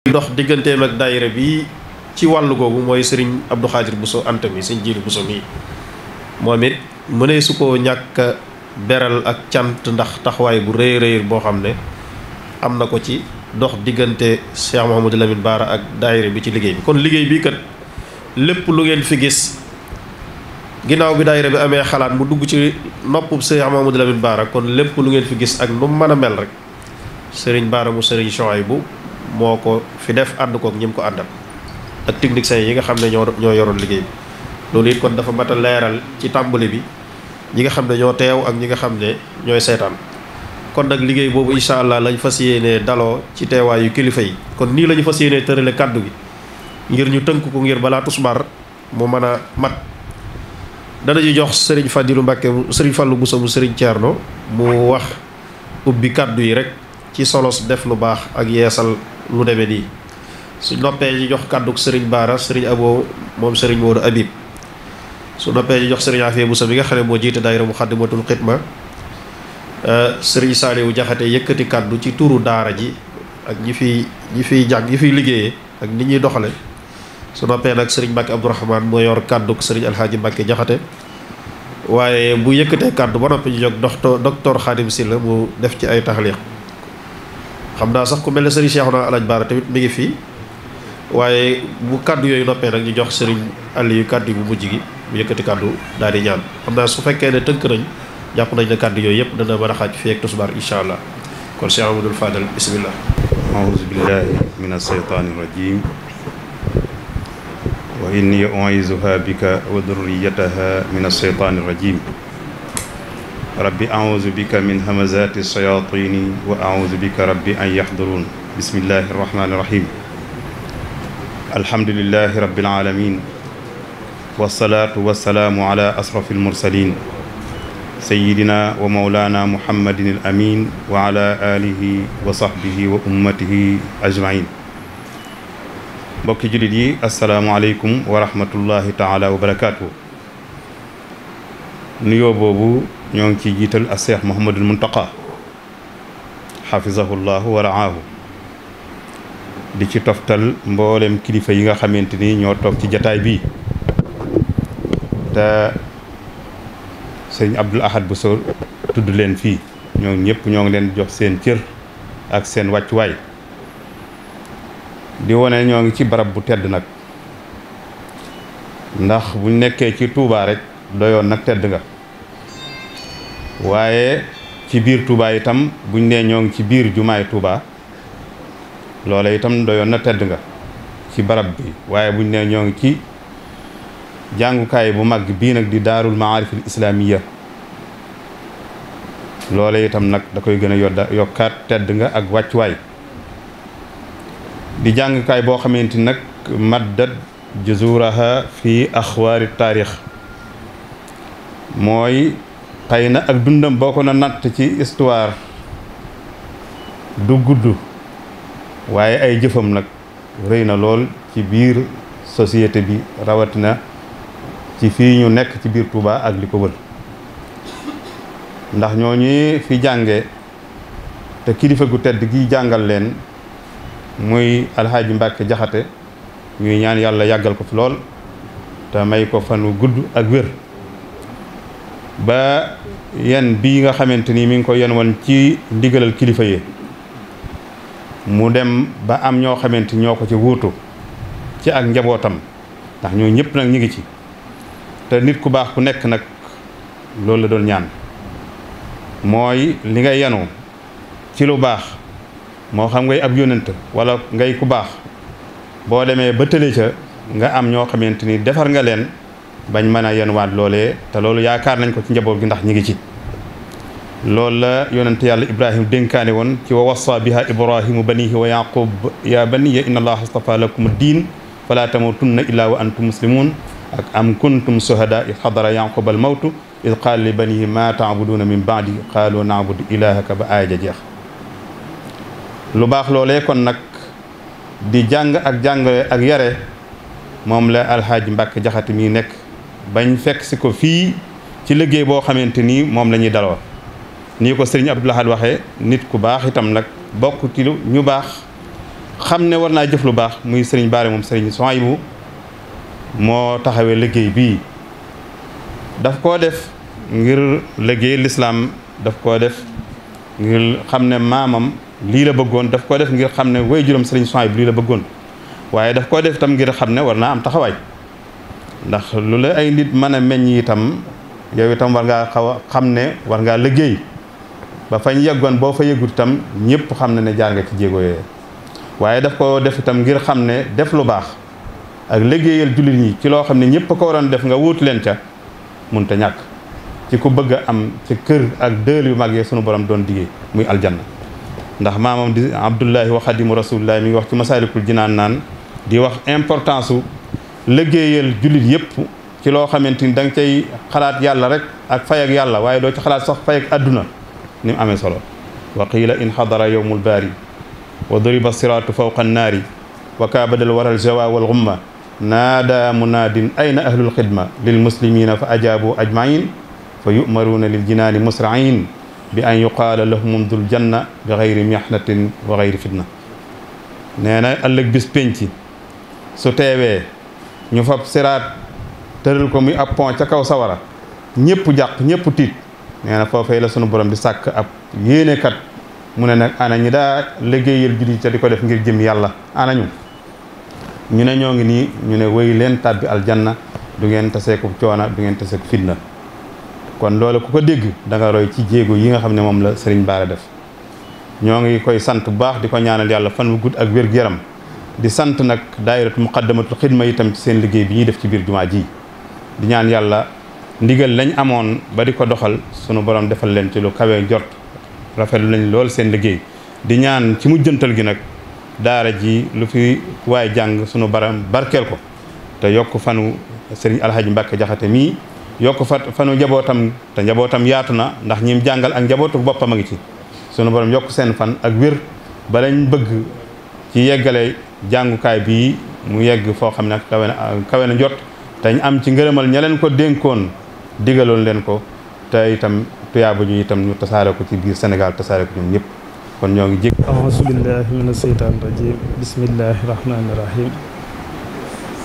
ndox digganteem ak daayira bi ci wàll googu mooy sëriñ Abdou Khadir Bousso Anta mi sëñ Jiili Bousso mi moom it mënee su ko ñàkk beral ak cant ndax taxawaay bu rëy rëy boo xam ne am na ko ci dox diggante Cheikh Mouhamadou Lamine Bara ak daayira bi ci liggéey bi kon liggéey bi kat lépp lu ngeen fi gis ginnaaw bi daayira bi amee xalaat mu dugg ci noppub Cheikh Mouhamadou Lamine baara kon lépp lu ngeen fi gis ak nu mën a mel rek sëriñ Bara mu sëriñ Chouaïbou moo ko fi def ànd kook ñi mu ko àndal ak techniciens yi nga xam ne ñoo ñoo yoroon liggéey bi loolu it kon dafa mat a leeral ci tàmbali bi ñi nga xam ne ñoo teew ak ñi nga xam ne ñooy seetaan kon nag liggéey boobu incha allah lañ fas yéenee daloo ci teewaayu kilifa yi kon nii lañu ñu fas yéenee tërale kàddu gi ngir ñu tënk ko ngir balaa tusbar mu mën a mat dana ñu jox sëriñ Fadilou Mbacke sëriñ Fallou Bousso mu sëriñ Thierno mu wax ubbi kàddu yi rek ci solos def lu baax ak yeesal lu demee nii su noppee ñu jox kàdduk sëriñ Baara sëriñ Abo moom sëriñ Modou Habib su noppee ñu jox sëriñ Afia Boussa bi nga xam ne moo jiite daayira Muxaddamatul Xidma euh, sëriñ Saaliwu Jaxate yëkkati kàddu ci tuuru daara ji ak ñi fi ñi fiy jàng ñi fiy liggéeyee ak nit ñuy doxale su noppee nag sëriñ Mbàkke Abdourahman moo yor kàdduk sëriñ Alxaaji Mbàkke Jaxate waaye bu yëkkatee kàddu ba noppi ñu jox docteur docteur Xaadim la mu def ci ay taxliq xam naa sax ku mel ne sëriñ Cheikhouna Alaj Baara tamit mi ngi fii waaye bu kàddu yooyu noppee nag ñu jox àll Aliou kàddu bu mujj gi mu yëkkati kàddu daal di ñaan xam naa su fekkee ne tënk nañ jàpp nañ ne kàddu yooyu yëpp dana mën a xaaj fii ak tusbaar incha allah kon Cheikh Amadou Fadal bismillah aouzu billahi min asheytaani rajim wa inni u'izuha bika wa durriyataha min asheytaani rajim rabbi auzu bika min hamazati sayatini wa auzu bika rabbi an yaxduruun bismillahi arrahmani irrahim alhamdulilahi rabbil alamin wasalaatu wasalaamu ala asrafi almursalin sayidina wa maulana muhammadin al amin wa ala alihi wa sahbihi wa ummatihi ajmain mbokki jullit yi asalaamualeykum wa rahmatullahi taala wa barakatuhu nuyoo boobu ñoo ngi ciy jiital a seex Muhammadul Muntaqa xafisahullahu wa raahu di ci toftal mboolem kilifa yi nga xamante ni ñoo toog ci jataay bii te sëñ Abdul Ahad bu so tudd leen fii ñoo ñëpp ñoo ngi leen jox seen cër ak seen wàccuwaay di wone ñoo ngi ci barab bu tedd nag ndax buñ nekkee ci Tuubaa rek doyoon nag tedd nga waaye ci biir Touba itam buñ nee ñoo ngi ci biir jumaay Touba loole itam doyoon na tedd nga ci barab bi waaye buñ nee ñoo ngi ci jàngukaay bu mag bii nag di daarul maarifil islaamiya loola itam nag da koy gën a yodda yokkaat tedd nga ak wàccuwaay di jàngukaay boo xamante nag maddat juzuraha fi axwaari taarix mooy xëy na ak dundam boo ko na natt ci histoire du gudd waaye ay jëfam nag rëy na lool ci biir société bi rawatina ci fii ñu nekk ci biir Touba ak li ko wër ndax ñooñu fi jànge te kilifa gu tedd gi jàngal leen muy alxaaji Mbàkke Jaxate ñuy ñaan yàlla yàggal ko fi lool te may ko fanu gudd ak wér ba yan bii nga xamante ni mi ngi ko yen woon ci ndigalal kilifa yi mu dem ba am ñoo xamante ñoo ko ci wuutu ci ak njabootam ndax ñoo ñëpp nag ñu ngi ci te nit ku baax ku nekk nag loolu la doon ñaan mooy li nga yenu ci lu baax moo xam ngay ab yónnent wala ngay ku baax boo demee ba tële ca nga am ñoo xamante ni defar nga leen bañ mën a yenwaat loolee te loolu yaakaar nañ ko ci njaboot gi ndax ñi ngi ci loolu la yonent yàlla ibrahima dénkaane woon ci wa wasa biha ibrahimu banihi wa yaqub ya baniya inna allaha astafa lakum diin fala tamutunna illa wa antum muslimun ak am kuntum sohada id xadara yaquba al mawtu id qaala li banihi ma taabuduuna min baadi qaalu naabudu ilahaka ba aaya ja jeex lu baax loole kon nag di jàng ak jàngale ak yare moom la alhaaji mbakk jaxate mi nekk bañ fekk si ko fii ci liggéey boo xamante ni moom la ñuy wa nii ko sëriñ Abdou Lahad waxee nit ku baax itam nag bokk ci ñu baax xam ne war naa jëf lu baax muy sëriñ Baare moom sëriñ Sohaybu moo taxawee liggéey bii daf koo def ngir liggéey lislaam daf koo def ngir xam ne maamam lii la bëggoon daf koo def ngir xam ne way juróom sëriñ Sohaybu lii la bëggoon waaye daf koo def tam ngir xam ne war naa am taxawaay ndax lu la ay nit mën a meññ itam yow itam war ngaa xaw a xam ne war ngaa liggéey ba fañ yeggoon boo fa yëgut itam ñëpp xam na ne jaar nga ci jéego yooyu waaye daf ko def itam ngir xam ne def lu baax ak liggéeyal jullit ñi ci loo xam ne ñëpp ko waroon def nga wuut leen ca mun te ñàkk ci ku bëgg am ci kër ak dëël yu mag yi sunu borom doon diggee muy aljanna ndax maamam di abdullahi wa xadimu rasulillahi mi ngi wax ci masaalikul jinaan naan di wax importance su liggéeyal jullit yépp ci loo xamante ni da cay xalaat yàlla rek ak fay yàlla waaye doo ci xalaat sax fay ak àdduna ni amee solo wa qiila in xadara yowmul baari wa duriba siraatu fawqa annaari wa kaabadal waral jawa wal gumma naada munaadin ayna ahlul xidma lil muslimina fa ajaabu ajmain fa yumaruuna lil jinaani musrain bi an yuqaala lahum dul janna bi xayri mihnatin wa xayri fitna nee na ëllëg bis penc su teewee ñu fab seraat tëral ko muy ab pont ca kaw sawara ñëpp jàq ñëpp tiit nee na foofee la sunu borom di sàkk ab kat mu ne nag ana ñi daa liggéeyal jullit ca di ko def ngir jëm yàlla ana ñu ne ñoo ngi nii ñu ne wéy leen tàbbi aljanna du ngeen taseeku coona du ngeen taseeku fitna kon loole ku ko dégg da roy ci jéego yi nga xam ne moom la Sëriñ Baara def ñoo ngi koy sant bu baax di ko ñaanal yàlla fan wu gudd ak wér-gu-yaram di sant nag daayiratu muqaddamatul xidma itam ci seen liggéey bi ñuy def ci biir jumaa ji di ñaan yàlla ndigal lañ amoon ba di ko doxal sunu boroom defal leen ci lu kawe jort rafetlu lañ lool seen liggéey di ñaan ci mujjantal gi nag daara ji lu fi waay jàng sunu baram barkeel ko te yokk fanu sëriñ alhaji Mbàkke jaxate mii yokk fa fanu njabootam te njabootam yaatu na ndax ñim jàngal ak njabootu boppam a ngi ci sunu borom yokk seen fan ak wér jàngukaay bii mu yegg foo xam ne ak kawe na kawe na jot am ci ngërëmal ña leen ko dénkoon digaloon leen ko te itam tuyaaba ñu itam ñu tasaare ko ci biir senegal tasaare ko ñoo ngi jég aousu billahi min asheytaan rajim bismillahi rahmani rahim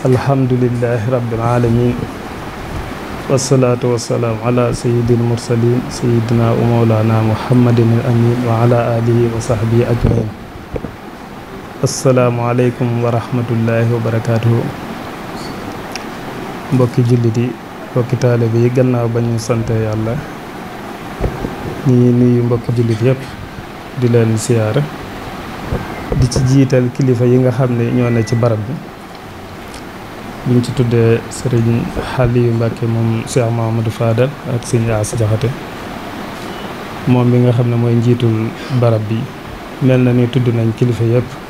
alhamdulilahi rabbil alamin ala sayidil mursalin sayidina wa mawlana muhammadin al amin wa ala alihi wa asalaamualeykum wa rahmatullahi wa barakaatuhu mbokki jullit yi mbokki taalibe yi gannaaw ba ñu sante yàlla ñu ngi nuyu mbokki jullit yëpp di leen siyaara di ci jiital kilifa yi nga xam ne ñoo ne ci barab bi buñ ci tuddee sëriñ Xaliyu Mbàkke moom Cheikh Mahamadou Fadal ak sëriñ As Jaxate moom bi nga xam ne mooy njiitul barab bi mel na ni tudd nañ kilifa yëpp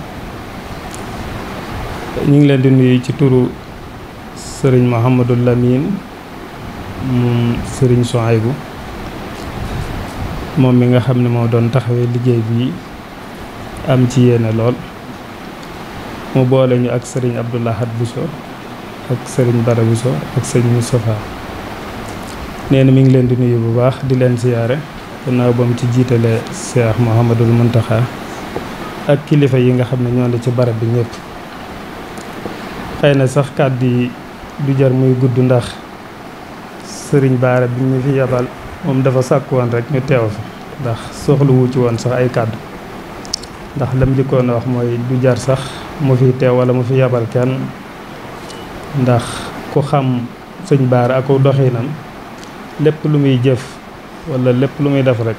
ñu ngi leen di nuyu ci turu sëriñ Mouhamadou Lamine moom sëriñ Souhaïbou moom mi nga xam ne moo doon taxawee liggéey bii am ci yéene lool mu boole ñu ak sëriñ Abdou Lahad Bousso ak sëriñ Bara so ak sëriñ Moustapha nee na mi ngi leen di nuyu bu baax di leen siyaare gannaaw ba mu ci jiitalee Cheikh Mouhamadul Mountakha ak kilifa yi nga xam ne ñoo ne ci barab bi ñëpp xëy na sax kàddu yi du jar muy gudd ndax sëriñ baara bi ñu fi yabal moom dafa sàkk woon rek ñu teew fi ndax soxlu wu ci woon sax ay kàddu ndax lam njëkkoon a wax mooy du jar sax mu fi teew wala mu fi yabal kenn ndax ku xam sëñ baara ak doxinam lépp lu muy jëf wala lépp lu muy def rek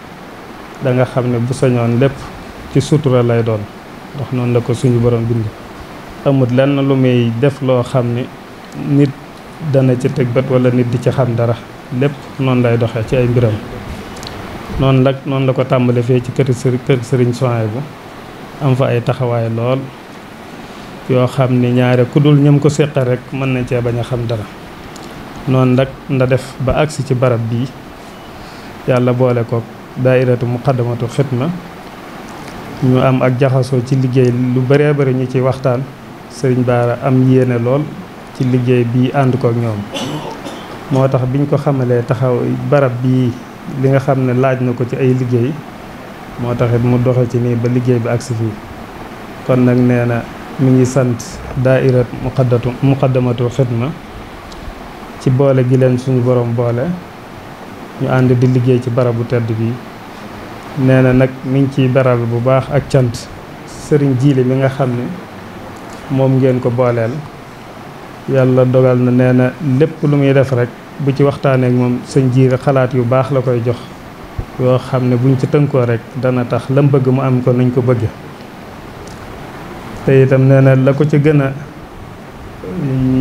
danga xam ne bu sañoon lépp ci sutura lay doon ndax noonu la ko suñu borom bind amut lenn lu muy def loo xam ne nit dana ci teg bët walla nit di ci xam dara lépp noon lay doxee ci ay mbiram noon nag noon la ko tàmbale fee ci kër kër sëriñ soin bu am fa ay taxawaay lool yoo xam ni ñaare ku dul ñam ko séqal rek mën nañ cee bañ a xam dara noon nag nda def ba agsi ci barab bii yàlla boole ko daairatu muqaddamatu xidma ñu am ak jaxasoo ci liggéey lu bëree bëri ñu ci waxtaan sëriñ Baara am yéene lool ci liggéey bi ànd ko ñoom moo tax biñ ko xamalee taxaw barab bii li nga xam ne laaj na ko ci ay liggéey moo taxit mu doxe ci nii ba liggéey bi agsi fii kon nag nee na mu ngi sant daaira muqaddatu muqaddamatul xidma ci boole gi leen suñu borom boole ñu ànd di liggéey ci barabu tedd bi nee na nag mu ngi ciy beral bu baax ak cant sëriñ jiile mi nga xam ne moom ngeen ko booleel yàlla dogal na nee na lépp lu muy def rekk bu ci waxtaaneek moom sëñ jiir xalaat yu baax la koy jox yoo xam ne buñ ci tënkoo rek dana tax lam bëgg mu am ko nañ ko bëgg te itam nee na la ko ci gën a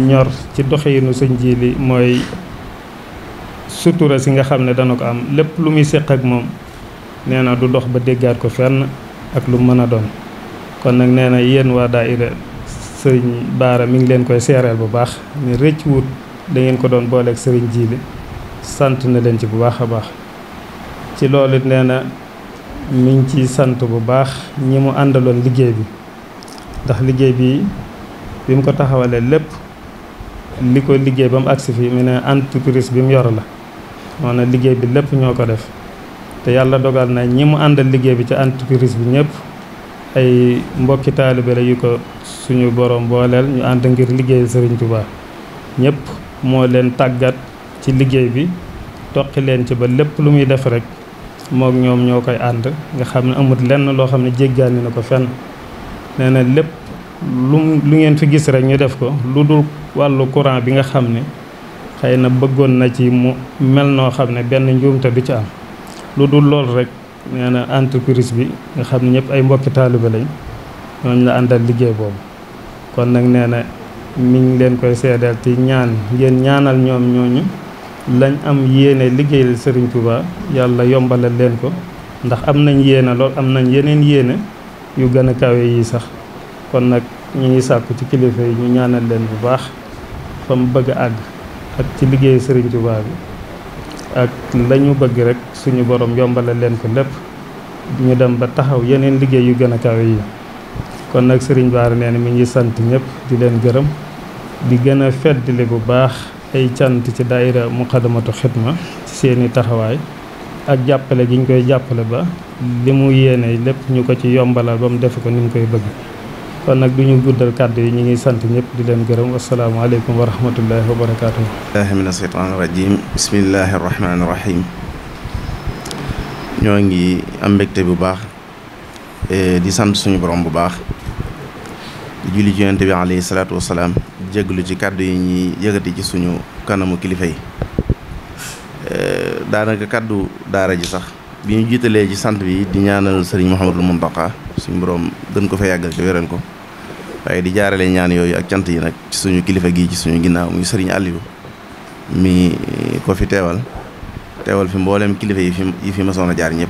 ñor ci doxinu sëñ ji li mooy sutura si nga xam ne dana ko am lépp lu muy séq ak moom nee na du dox ba déggaat ko fenn ak lu mën a doon kon nag nee na yéen waa daayira sëriñ Baara mi ngi leen koy seereel bu baax ne rëcc wut da ngeen ko doon booleeg sëriñ Jiili sant na leen ci bu baax a baax ci loolu it nee na mi ngi ciy sant bu baax ñi mu àndaloon liggéey bi ndax liggéey bi bi mu ko taxawalee lépp li ko liggéey ba mu agsi fii mu ne entreprise bi mu yor la moo na liggéey bi lépp ñoo ko def te yàlla dogal na ñi mu àndal liggéey bi ci entreprise bi ñëpp ay mbokki taalibe la yu ko suñu borom booleel ñu ànd ngir liggéeyal Sëriñ Tuubaa ñëpp moo leen tàggat ci liggéey bi toqi leen ci ba lépp lu muy def rek mook ñoom ñoo koy ànd nga xam ne amut lenn loo xam ne jéggaani na ko fenn nee na lépp lu lu ngeen fi gis rek ñu def ko lu dul wàllu courant bi nga xam ne xëy na bëggoon na ci mu mel noo xam ne benn njuumte du ci am lu dul lool rek nee na entreprise bi nga xam ne ñëpp ay mbokki taaliba lañ ñooñ la àndal liggéey boobu kon nag nee na mi ngi leen koy seedeel ci ñaan ngeen ñaanal ñoom ñooñu lañ am yéene liggéeyal Serigne Touba yàlla yombalal leen ko ndax am nañ yéene lool am nañ yeneen yéene yu gën a kawe yi sax kon nag ñu ngi sàkku ci kilifa yi ñu ñaanal leen bu baax fa mu bëgg àgg ak ci liggéey Serigne Touba bi ak la bëgg rek suñu borom yombalal leen ko lépp ñu dem ba taxaw yeneen liggéey yu gën a kawe yi kon nag Serigne baar nee na mi ñu sant ñëpp di leen gërëm di gën a feddali bu baax ay cant ci daayira muqaddamatu xidma ci seeni taxawaay ak jàppale gi ñu koy jàppale ba li mu yéene lépp ñu ko ci yombalal ba mu defe ko ni mu koy bëgg kon nag du ñu guddal kàddu yi ñu ngi sant ñëpp di leen gërëm wasalaamaaleykum wa rahmatullahi wa barakaatuhu billahi min asheytaan rajim bismillahi rahmaani rahim ñoo ngi am mbegte bu baax e, di sant suñu borom bu baax di julli ci yonent bi alayhi salaatu wasalaam jéglu ci kàddu yi ñuy yëkkati ci suñu kanamu kilifa yi e, daanaka kàddu daara ji sax bi ñu jiitalee ci sant bi di ñaanal sëriñ Mouhamadul Mountakha suñu borom gën ko fa yàggal ci wéral ko waaye di jaarale ñaan yooyu ak cant yi nag suñu kilifa gii ci suñu ginnaaw muy sëriñ Aliou mi ko fi teewal teewal fi mbooleem kilifa yi fi yi fi masoon a jaar ñëpp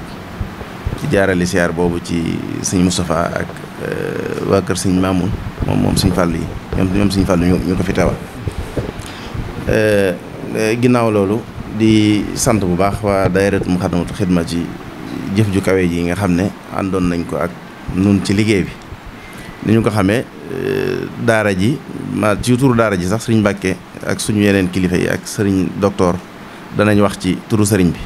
di jaarale siyaar boobu ci sëñ Moustapha ak euh, waa kër sëñ Mamoun moom moom sëñ Fàllu yi ñoom ñoom sëñ Fàllu ñu ko fi teewal euh, euh, ginnaaw loolu di sant bu baax waa daayiratu Muxaddamatul Xidma ci jëf ju kawe ji nga xam ne àndoon nañ ko ak nun ci liggéey bi ni ñu ko xamee euh, daara ji ma ci turu daara ji sax sëriñ Mbàkke ak suñu yeneen kilifa yi ak sëriñ docteur danañ wax ci turu sëriñ bi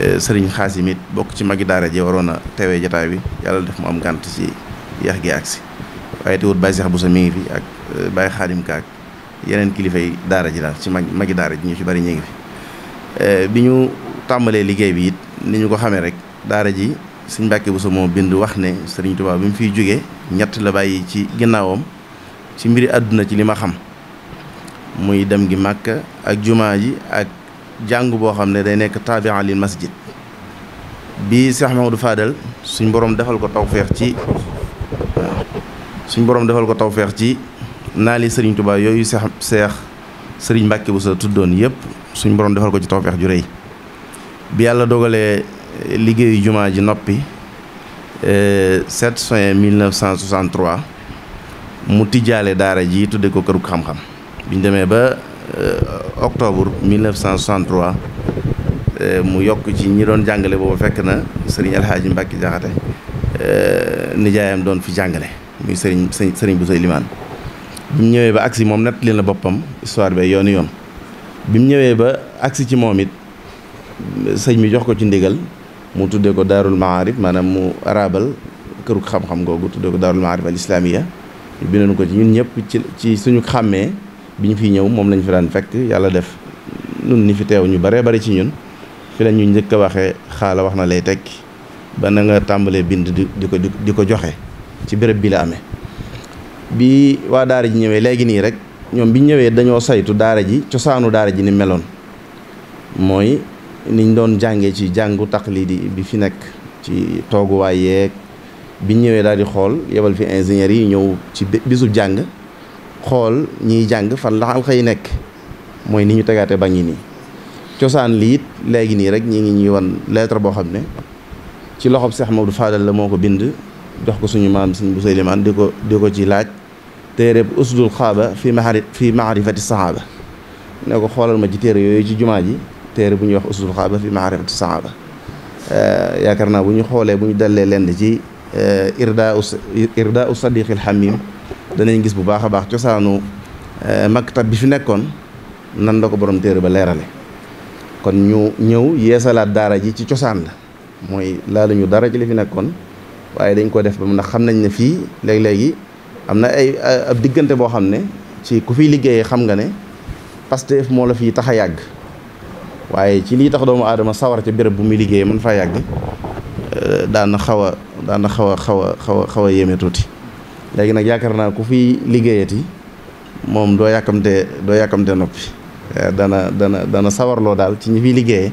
euh, sëriñ Xaasim it bokk ci magi daara ji waroon a teewee jataay bi yàlla def mu am gànt ci yeex gi agsi waaye teewut Baye Cheikh Boussa mi ngi fi ak euh, Baye Xaadim Ka ak yeneen kilifa yi daara ji daal ci mag magi daara ji ñu ci bari ñu ngi bi ñu tàmbalee liggéey bi it ni ñu ko xamee rek daara ji sëñ Mbàkke Bousso moo bind wax ne sëriñ Tuubaa bi mu fiy jógee ñett la bàyyi ci ginnaawam ci mbiri àdduna ci li xam muy dem gi màkk ak jumaa ji ak jàng boo xam ne day nekk tabian lil masjid bi Cheikh Mamadou Fadal suñ borom defal ko tawfeex ci suñ boroom defal ko tawfeex ci naali sëriñ Tuubaa yooyu Cheikh Cheikh sëriñ bu Bousso tuddoon yëpp suñ borom defal ko ci tawfeex ju rëy bi yàlla dogalee liggéeyu jumaa ji noppi 7 euh, juin 1963 mu tijjaale daara ji tudde ko kërug xam-xam biñ demee ba euh, octobre 1963 euh, mu yokk ci ñi doon jàngale boobu fekk na sëriñ alxaaji Mbàkke Jaxate nijaayam doon fi jàngale muy sëriñ sëriñ bu sey limaan bi mu ñëwee ba agsi moom nett leen boppam histoire bi yooni yoon bi mu ñëwee ba agsi ci moom it sëñ mi jox ko ci ndigal mu tuddee ko daarul maarif maanaam mu arabal këru xam-xam googu tuddee ko daarul maarif al islamiya ñu bindoon ko ci ñun ñëpp ci ci suñu xàmmee bi ñu fi ñëw moom lañu fi daan fekk yàlla def nun ni fi teew ñu baree bari ci ñun fi la ñu njëkk a waxee xaala wax na lay tekki ba na nga tàmbalee bind di di ko di ko joxe ci béréb bi la amee bi waa daara ji ñëwee léegi nii rek ñoom bi ñëwee dañoo saytu daara ji cosaanu daara ji ni meloon mooy niñ doon jàngee ci jàngu lii di bi fi nekk ci tooguwaay yeeg biñ ñëwee daal di xool yebal fi ingénieurs yi ñëw ci bisu jàng xool ñiy jàng fan la xalxa yi nekk mooy ni ñu tegaate ba ngi nii cosaan lii it léegi nii rek ñi ngi ñuy wan lettre boo xam ne ci loxob Seex Maodo Fadal la moo ko bind jox ko suñu maam suñ bu Souleymane di ko di ko ci laaj téere bu usdul xaaba fi maari fi maarifati sahaaba ne ko xoolal ma ci téere yooyu ci jumaa ji téere bu ñu wax usul xaaba fi maarifati saxaaba euh, yaakaar naa bu ñu xoolee bu ñu dallee lenn ci irda u euh, irda u sadiqil xamim danañ gis bu baax a baax cosaanu euh, maktab bi fi nekkoon nan la ko borom téere ba leerale kon ñu ñëw yeesalaat daara ji ci cosaan la mooy ñu dara ci li fi nekkoon waaye dañ ko def ba mu ndax xam nañ ne fii léeg-léegi am na ay ab diggante boo xam ne ci ku fiy liggéeyee xam nga ne Pastef moo la fii tax a yàgg waaye ci lii tax doomu aadama sawar ca béréb bu muy liggéeyee mën faa yàgg euh, daana xaw a daana xaw a xaw a xaw xaw a yéeme tuuti léegi nag yaakaar naa ku fi liggéeyati moom doo yàkkamte doo yàkkamte noppi euh, dana dana dana sawarloo daal ci ñi fiy liggéeyee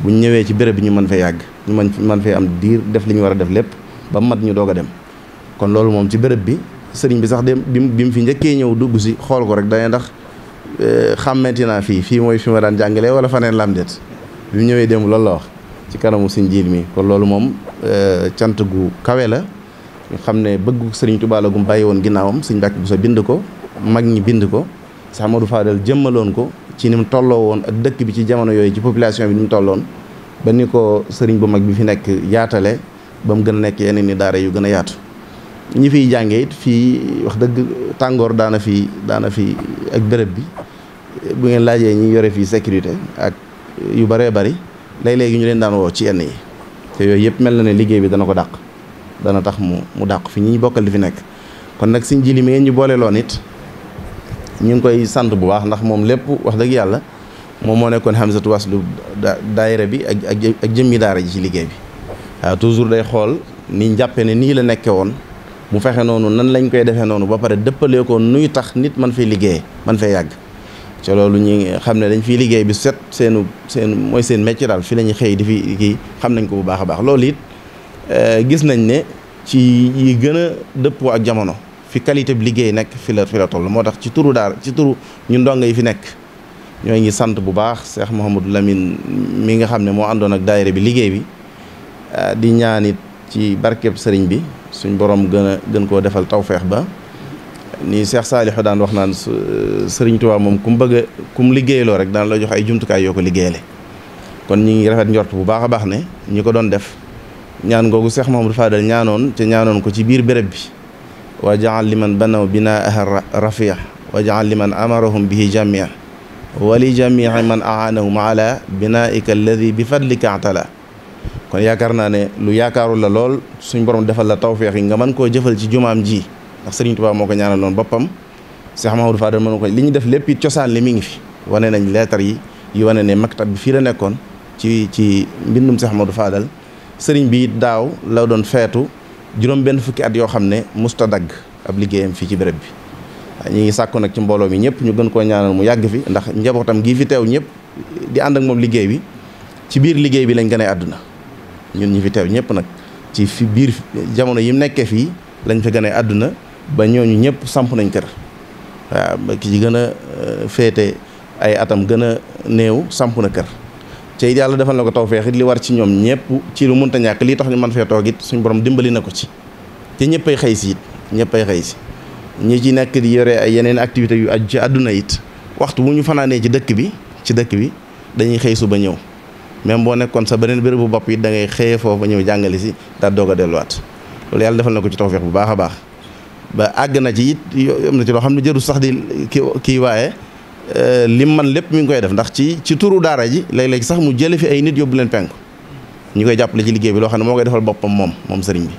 bu ñu ñëwee ci béréb bi ñu mën fee yàgg ñu mën mën fee am diir def li ñu war a def lépp ba mu mat ñu doog a dem kon loolu moom ci béréb bi sëriñ bi sax dem bi mu fi njëkkee ñëw dugg si xool ko rek dañuy ndax Eh, xàmmenti naa fii fii mooy fi ma daan jàngale wala faneen lam det bi mu ñëwee démb loolu la wax ci kanamu sëñ jiil mi kon loolu moom eh, cant gu kawe la ñu xam ne bëgg sëriñ Tuubaa la gum bàyyi woon ginnaawam sëñ Mbàkke sa bind ko mag ñi bind ko sax Amadou Fadal jëmmaloon ko ci ni tolloo woon ak dëkk bi ci jamono yooyu ci population bi ni mu tolloon ba ni ko sëriñ bu mag bi fi nekk yaatale ba mu gën a nekk yenn ni daara yu gën a yaatu ñi fiy jàngee fii wax dëgg tàngoor daana fi daana fi ak béréb bi bu ngeen laajee ñu yore fii sécurité ak yu bëree bari léeg-léegi ñu leen daan woo ci enn yi te yooyu yëpp mel na ne liggéey bi dana ko dàq dana tax mu mu dàq fi ñi bokkal di fi nekk kon nag suñ jili mi ngeen ñu booleeloon nit ñu ngi koy sant bu baax ndax moom lépp wax dëgg yàlla moom moo nekkoon Hamzatou Waslu daayira bi ak ak ak jëmmi daara ji ci liggéey bi waaw toujours day xool ni jàppe ne nii la nekke woon mu fexe noonu nan lañ koy defee noonu ba pare dëppalee ko nuy tax nit man fay liggéeyee man fay yàgg ca loolu ñu ngi xam ne dañ fiy liggéey bi set seenu seen mooy seen métier daal fi la xëy di fi kii xam nañ ko bu baax a baax lool it euh, gis nañ ne ci yi gën a dëppoo ak jamono fi qualité bi liggéey nekk fi la fi la toll moo tax ci turu daal ci turu ñun ndongo yi fi nekk ñoo ngi sant bu baax Cheikh Mouhamadou Lamine mi nga xam ne moo àndoon ak daayira bi liggéey bi euh, di ñaanit ci barkeb sëriñ bi suñ borom gën a gën koo defal tawfeex ba nii Cheikh Saliou daan wax naan Serigne Touba moom ku mu bëgg a ku mu liggéeyloo rek daan la jox ay jumtukaay yoo ko kon ñu ngi rafet njort bu baax a baax ne ñi ko doon def ñaan googu Cheikh Mahamadou Fadal ñaanoon te ñaanoon ko ci biir béréb bi wa jaal liman banaw binaaha rafia wa jaal liman amarahum bihi jamia wali jamii man aanahum ala binaika alladi bi fadlika atala kon yaakaar naa ne lu yaakaarul la lool suñ borom defal la tawfeex yi nga mën koo jëfal ci jumaam ji ndax Serigne Touba moo ko ñaanaloon boppam Cheikh Mahamadou Fadal mënu ko li ñu def lépp it cosaan li mi ngi fi wane nañ leetar yi yi wane ne maktab bi fii la nekkoon ci ci mbindum Cheikh Mahamadou Fadal sëriñ bi daaw la doon feetu juróom benn fukki at yoo xam ne musta dagg ab liggéeyam fii ci béréb bi ñu ngi sàkku nag ci mbooloo mi ñëpp ñu gën koo ñaanal mu yàgg fi ndax njabootam gii fi teew ñëpp di ànd ak moom liggéey bi ci biir liggéey bi lañ gën àdduna ñun ñi fi teew ñëpp nag ci fi biir jamono yi mu nekkee fii lañ fi gën àdduna ba ñooñu ñëpp samp nañ kër waaw ba ki ci gën a euh, féete ay atam gën a néew samp na kër te it yàlla defal na ko tawfeex li war ci ñoom ñëpp ci lu mënta ñàkk lii tax ñu mën fee toog it suñu borom dimbali na ko ci te ñëppay xëy si it ñëppay xëy si ñi ci nekk di yore ay yeneen activité yu aju ci àdduna it waxtu wu ñu fanaanee ci dëkk bi ci dëkk bi dañuy xëy su ba ñëw même boo nekkoon sa beneen bérébu bopp yi da ngay xëyee foofu ñëw jàngale si daal doog delluwaat loolu yàlla defal na ko ci tawfeex bu baax a baax ba àgg na ci it am na ci loo xam ne jëru sax di kii kii waaye euh, lim man lépp mi ngi koy def ndax ci ci turu daara ji léeg-léeg sax mu jële fi ay nit yóbbu leen penku ñu koy jàppale ci liggéey bi loo xam ne moo koy defal boppam moom moom sëriñ bi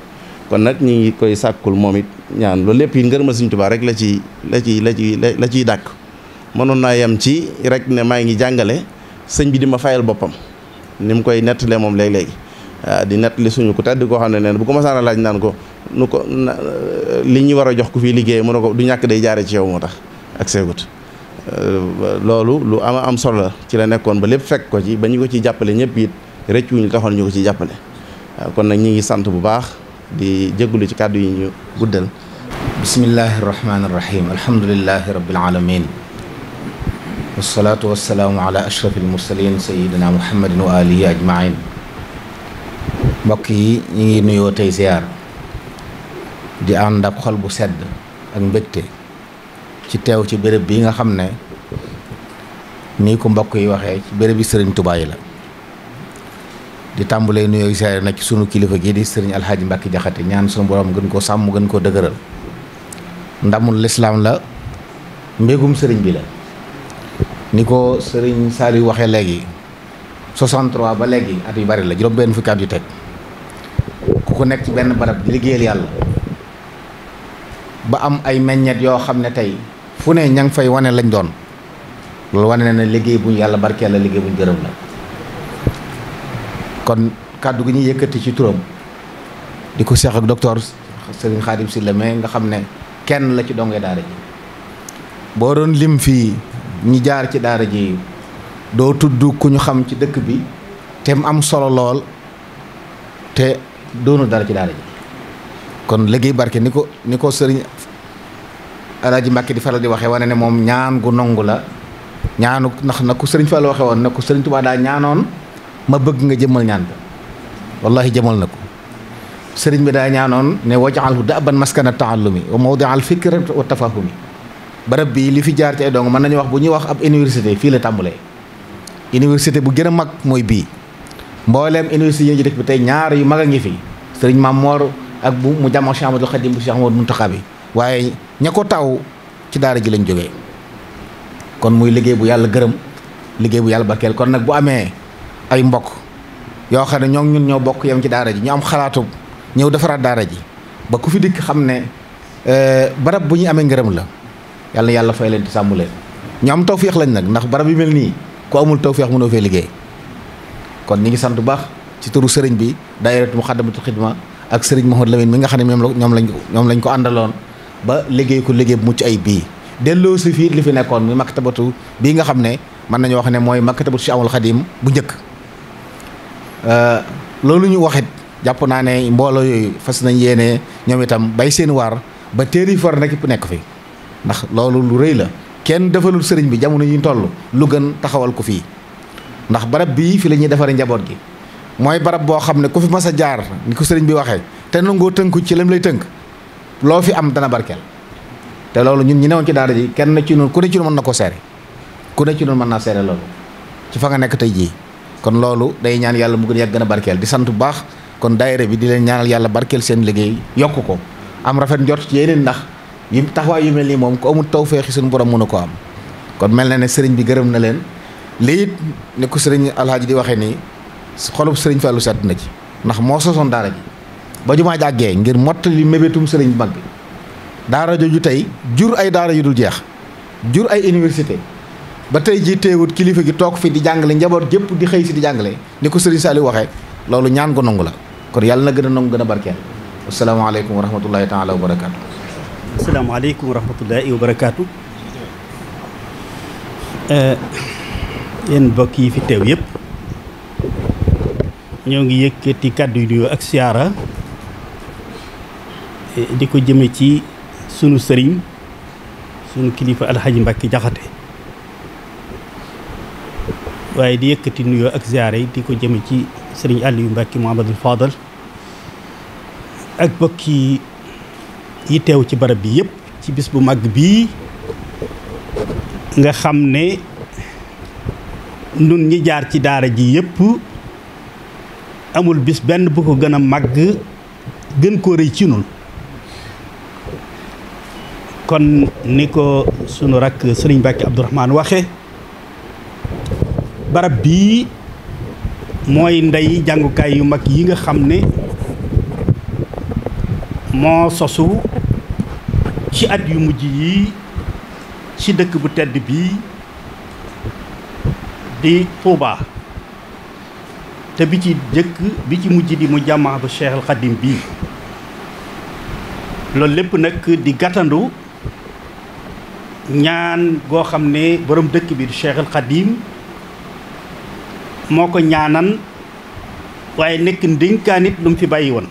kon nag ñu ngi koy sàkkul moom it ñaan loolu lépp yi ma Sëriñ Tuubaa rek la ci la ci la ci la ciy dàkk mënoon naa yem ci rek ne maa ngi jàngale sëñ bi di ma fayal boppam ni mu koy nettalee moom léeg-léegi di nettali suñu ku tedd xam ne neen bu ko masaana laaj naan ko nu li ñu war a jox ku fi liggéey mu ne ko du ñàkk day jaare ci yow moo tax ak seegut euh, loolu lu ama am solo la ci la nekkoon ba lépp fekk ko ci ba ñu ko ci jàppale ñëpp it rëccuwuñu taxoon ñu ko ci jàppale euh, kon nag ñi ngi sant bu baax di jégalu ci kàddu yi ñu guddal bismillahi irrahmani irrahim alhamdulilahi rabbil alamin wasalaatu wasalaamu ala ashrafil mursalin sayidina muhammadin wa alihi ajmain mbokk yi ñi ngi nuyoo tey ziar di ànd ak xol bu sedd ak mbégte ci teew ci béréb bi nga xam ne nii ko mbokk yi waxee ci béréb yi sëriñ Tuubaa yi la di tàmbalee nuyoo ziyaare nag ci sunu kilifa gii di sëriñ alxaaji Mbàkke Jaxate ñaan sunu borom gën koo sàmm gën koo dëgëral ndamul lislaam la mbégum sëriñ bi la ni ko sëriñ yu waxee léegi 63 ba léegi at yu bari la juróom benn fukki at yu teg ku ko nekk ci benn barab di liggéeyal yàlla ba am ay meññeet yoo xam ne tey fu ne ña ngi fay wane lañ doon loolu wane na ne liggéey bu ñu yàlla barkeel la liggéey bu ñu gërëm la kon kàddu gi ñuy yëkkati ci trom di ko seex ak docteur Serigne Khadim Sylla mais nga xam ne kenn la ci dongee daara ji boo doon lim fii ñi jaar ci daara ji doo tudd ku ñu xam ci dëkk bi te mu am solo lool te doonu dara ci daara ji kon liggéey barke ni ko ni ko sëriñ alaaji Mbàkke di faral di waxee wane ne moom ñaan gu nongu la ñaanu ndax na ku sëriñ Fall waxee woon na ko sëriñ Tuubaa daa ñaanoon ma bëgg nga jëmmal ñaan ba wallahi jëmal na ko sëriñ bi daa ñaanoon ne wajalhu daban maskana taallumi wa mawdia al fikri wa tafahumi barab bi li fi jaar ci ay dong mën nañu wax bu ñuy wax ab université fii la tàmbalee université bu gën a mag mooy bii mbooleem université yi ñu def bi tey ñaar yu mag a ngi fi sëriñ ak bu mu jamono Cheikh Ahmadul Xadim bu Cheikh Ahmadul Muntaxa bi waaye ña ko taw ci daara ji lañ jógee kon muy liggéey bu yàlla gërëm liggéey bu yàlla barkeel kon nag bu amee ay mbokk yoo xam ne ñoo ñun ñoo bokk yem ci daara ji ñu am xalaatu ñëw defaraat daara ji ba ku fi dikk xam ne euh, barab bu ñuy amee ngërëm la yàlla na yàlla fay leen te sàmm leen ñu am tawféex lañ nag ndax barab yu mel nii ku amul tawféex mënoo fee liggéey kon ñi ngi sant bu baax ci turu sëriñ bi daayiratu Muxaddamatul Xidma ak sëriñ Mouhamadou Lamine mi nga xam ne ñoom la ñoom ñoom lañ ko àndaloon ba liggéey ko liggéey bu mucc ay bii delloo si fii li fi nekkoon mi maktabatu bii nga xam ne mën nañu wax ne mooy maktabatu si amul xadim bu njëkk euh, loolu ñu waxit jàpp naa ne mbooloo yooyu fas nañ yéene ñoom itam bay seen waar ba téeri for bu nekk fi ndax loolu lu rëy la kenn defalul sëriñ bi jamono yi ñu toll lu gën taxawal ko fii ndax barab bii fi la ñuy defaree njaboot gi mooy barab boo xam ne ku fi mas a jaar ni ko sëriñ bi waxee te nangoo tënku ci lam lay tënk loo fi am dana barkeel te loolu ñun ñi newoon ci daara ji kenn ci noonu ku ci noonu mën na ko seere ku ne ci noonu mën naa seere loolu ci fa nga nekk tey jii kon loolu day ñaan yàlla mu gën a yàgg gën barkeel di sant bu baax kon daayira bi di leen ñaanal yàlla barkeel seen liggéey yokk ko am rafet njot ci yeneen ndax yi taxawaay yu mel nii moom ku amul tawféexi suñu borom mënu ko am kon mel na sëriñ bi gërëm na leen lii ne ko sëriñ alhaaji di waxee nii xolub sëriñ Fallou sedd na ci ndax moo sosoon daara ji ba jumaa jàggee ngir mottali mébétum sëriñ mag bi daara jooju tey jur ay daara yu dul jeex jur ay université ba tey ji teewut kilifa gi toog fi di jàngale njaboot jépp di xëy si di jàngale ni ko sëriñ Saliou waxee loolu ñaan ko nangu la kon yàlla na gën a nongu gën a barkeel asalaamaaleykum wa rahmatullahi taala wa barakaatu asalaamaaleykum wa rahmatullahi wa barakaatu eh, yéen mbokk yi fi teew yëpp ñoo ngi yëkkati kàddu yu ak siyaara eh, di ko jëme ci sunu sëriñ sunu kilifa alxaji Mbàkke Jaxate waaye di yëkkati nuyoo ak ziyaara yi di ko jëme ci sëriñ Aliou Mbàkke Muhammadul Fadal ak bokki yi teew ci barab bi yépp ci bis bu mag bi nga xam ne nun ñi jaar ci daara ji yëpp amul bis benn bu ko gën a màgg gën koo rëy ci nun kon ni ko sunu rakk sëriñ Mbàkke Abdourahmane waxe barab bii mooy ndey jàngukaay yu mag yi nga xam ni moo sosu ci at yu mujj yi ci dëkk bu tedd bii di Touba te bi ci jëkk bi ci mujj di mu jàmmaa bu Cheikh al Xadim bii loolu lépp nag di gàttandu ñaan goo xam ne boroom dëkk bi di Cheikh al moo ko ñaanan waaye nekk ndénkaanit lu mu fi bàyyi woon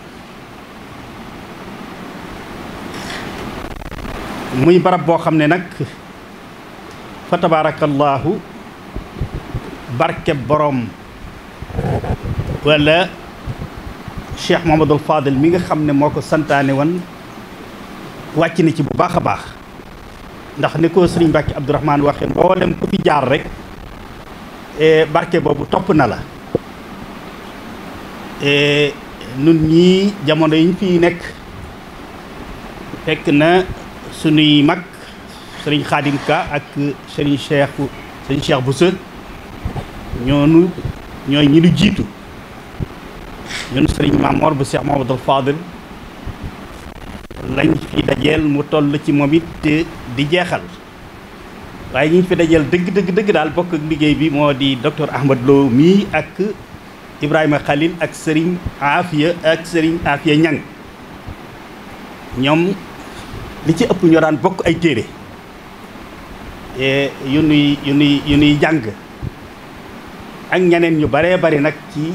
muy barab boo xam ne nag fa tabaarakallaahu barkeb boroom wala Cheikh Mouhamadul Fadil mi nga xam ne moo ko santaane woon wàcc na ci bu baax a baax ndax ni ko sëriñ Mbàkke Abdourahmaan waxe mboolem ku fi jaar rek e, barke boobu topp na la e, nun ñii jamono yiñ fi nekk fekk na sunuy mag sëriñ Xaadim Ka ak sëriñ Cheikh sëriñ Cheikh Bousso ñoonu ñooy ñi lu jiitu ñun sëriñ Mamor bu Cheikh Mamadou Fadil lañ fi dajeel mu toll ci moom di jeexal waaye ñi fi dajeel dëgg dëgg daal bokk ak liggéey bi moo di docteur Ahmad Lo ak Ibrahima Khalil ak sëriñ Afia ak sëriñ Afia Ñang ñoom li ci ëpp ñoo daan bokk ay téere eh, yu nuy yu nuy yu nuy jàng ak ñeneen ñu baree bari nag ci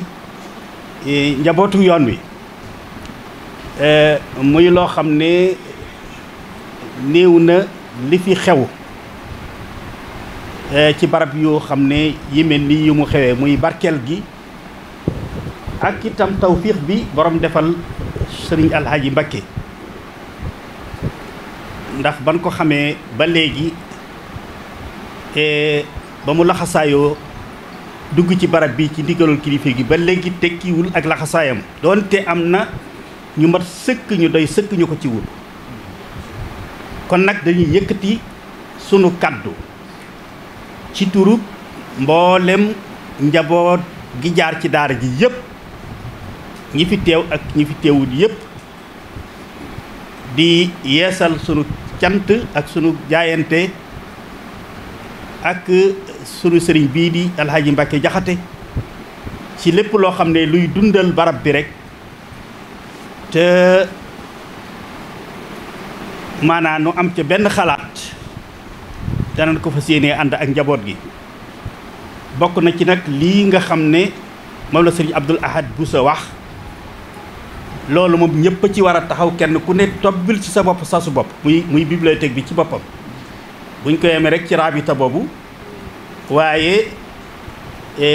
e, njabootu yoon wi e, muy loo xam ne néew na li fi xew e, ci barab yoo xam ne yi mel nii yu mu xewee muy barkeel gi ak itam tawfiix bi boroom defal sëriñ alxaaji Mbakke ndax ban ko xamee ba léegi ba mu laxasaayoo dugg ci barab bi ci ndigalul kilifa gi ba léegi tekkiwul ak laxasaayam doonte am na ñu mat sëkk ñu doy sëkk ñu ko ci wut kon nag dañuy yëkkati sunu kàddu ci turu mboolem njaboot gi jaar ci daara ji yépp ñi fi teew ak ñi fi teewul yépp di yeesal sunu cant ak sunu jaayante ak sunu sëriñ bii di alxaaji Mbàkke jaxate ci lépp loo xam ne luy dundal barab bi rek te maanaam nu am ca benn xalaat danañ ko fas yéenee ànd ak njaboot gi bokk na ci nag lii nga xam ne moom la sëriñ Abdul Ahad Bousso wax loolu moom ñëpp a ci war a taxaw kenn ku ne tobbil ci sa bopp sa su bopp muy muy bibliothèque bi ci boppam buñ ko yemee rek ci raabita boobu waaye e,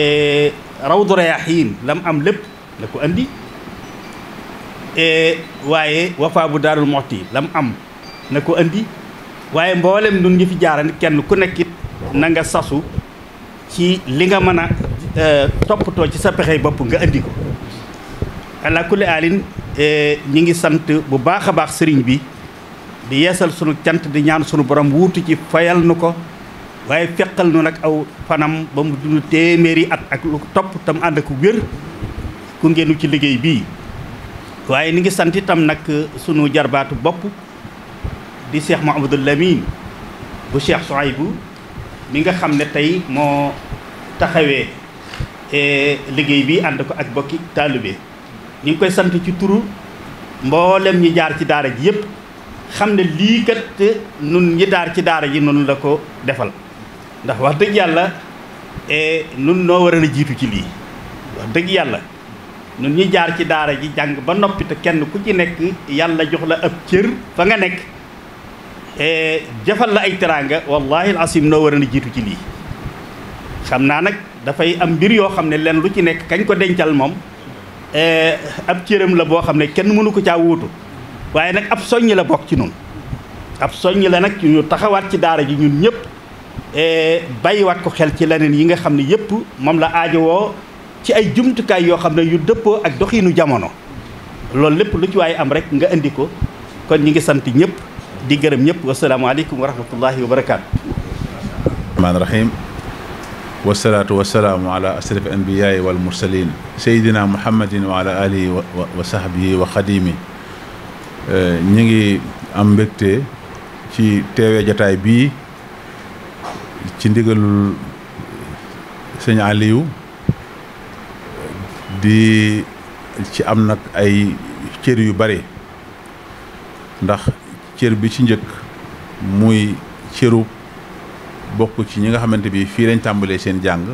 rawdu rayaxiin lam am lépp la ko andi e, waaye wafa bu daarul moxti lam am na ko andi waaye mboolem nun ngi fi jaarani kenn ku nekkit na nga sasu ci li nga mën a e, toppatoo ci sa pexey bopp nga andi ko ala kulli alin ñi ngi sant bu baax a baax sëriñ bi di yeesal sunu cant di ñaan sunu borom wuutu ci fayal nu ko waaye feqal nu nag aw fanam ba mu dund téeméeri at ak topp tam ànd ak wér ku ngeenu ci liggéey bii waaye ni ngi sant itam nag uh, sunu jarbaatu bopp di Cheikh Mouhamadou Lamine bu Cheikh Souaïbou mi nga xam ne tey moo taxawee e, liggéey bi ànd ko ak bokki taalibe ñu ngi koy sant ci turu mboolem ñi jaar ci daara ji yëpp xam ne lii kat nun ñi daar ci daara ji nun la ko defal ndax wax dëgg yàlla e, nun noo waral a jiitu ci lii dëgg yàlla nun ñi jaar ci daara ji jàng ba noppi kenn ku ci nekk yàlla jox la ab cër fa nga nekk e, jafal la ay teraanga wallahi alasim noo war a jiitu ci lii xam naa nag dafay am mbir yoo xam ne leen lu ci nekk kañ ko dencal moom e, ab cëram la boo xam ne kenn mënu ko caa wuutu waaye nag ab soññi la bokk ci nun ab soññi la nag ñu taxawaat ci daara ji ñun ñëpp eh, bàyyiwaat ko xel ci leneen yi nga xam ne yëpp moom la aajowoo ci ay jumtukaay yoo xam ne yu dëppoo ak doxiinu jamono loolu lépp lu ci waaye am rek nga indi ko kon ñi ngi sant ñëpp di gërëm ñëpp wasalaamaaleykum wa rahmatullahi wa barakaatu rahmaan rahim wasalaatu wasalaamu ala asraf anbiyaai wal mursalin sayidina muhammadin wa ala alihi wa sahbihi wa xadimi Euh, ñu ngi am mbégte ci teewee jataay bii ci ndigalul sëñ Aliou di ci am nag ay cër yu bari ndax cër bi ci njëkk muy cëru bokk ci ñi nga xamante bi fii lañ tàmbalee seen jàng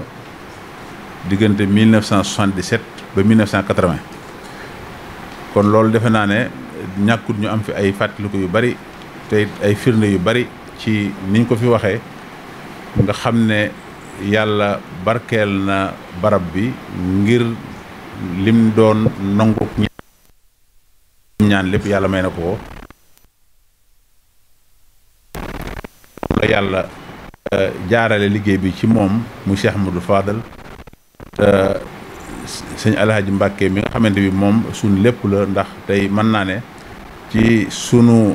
diggante 1977 ba 1980 kon loolu defe naa ne ñàkkut ñu am fi ay fàttaliku yu bari te ay firnde yu bari ci niñ ko fi waxee nga xam ne yàlla barkeel na barab bi ngir lim doon nangu ñaan lépp yàlla may na ko la yàlla euh, jaarale liggéey bi ci moom mu Cheikh Ahmadou Fadal te euh, sëñ Alhaji Mbàkke mi nga xamante bi moom suñ lépp la ndax tey mën naa ne ci sunu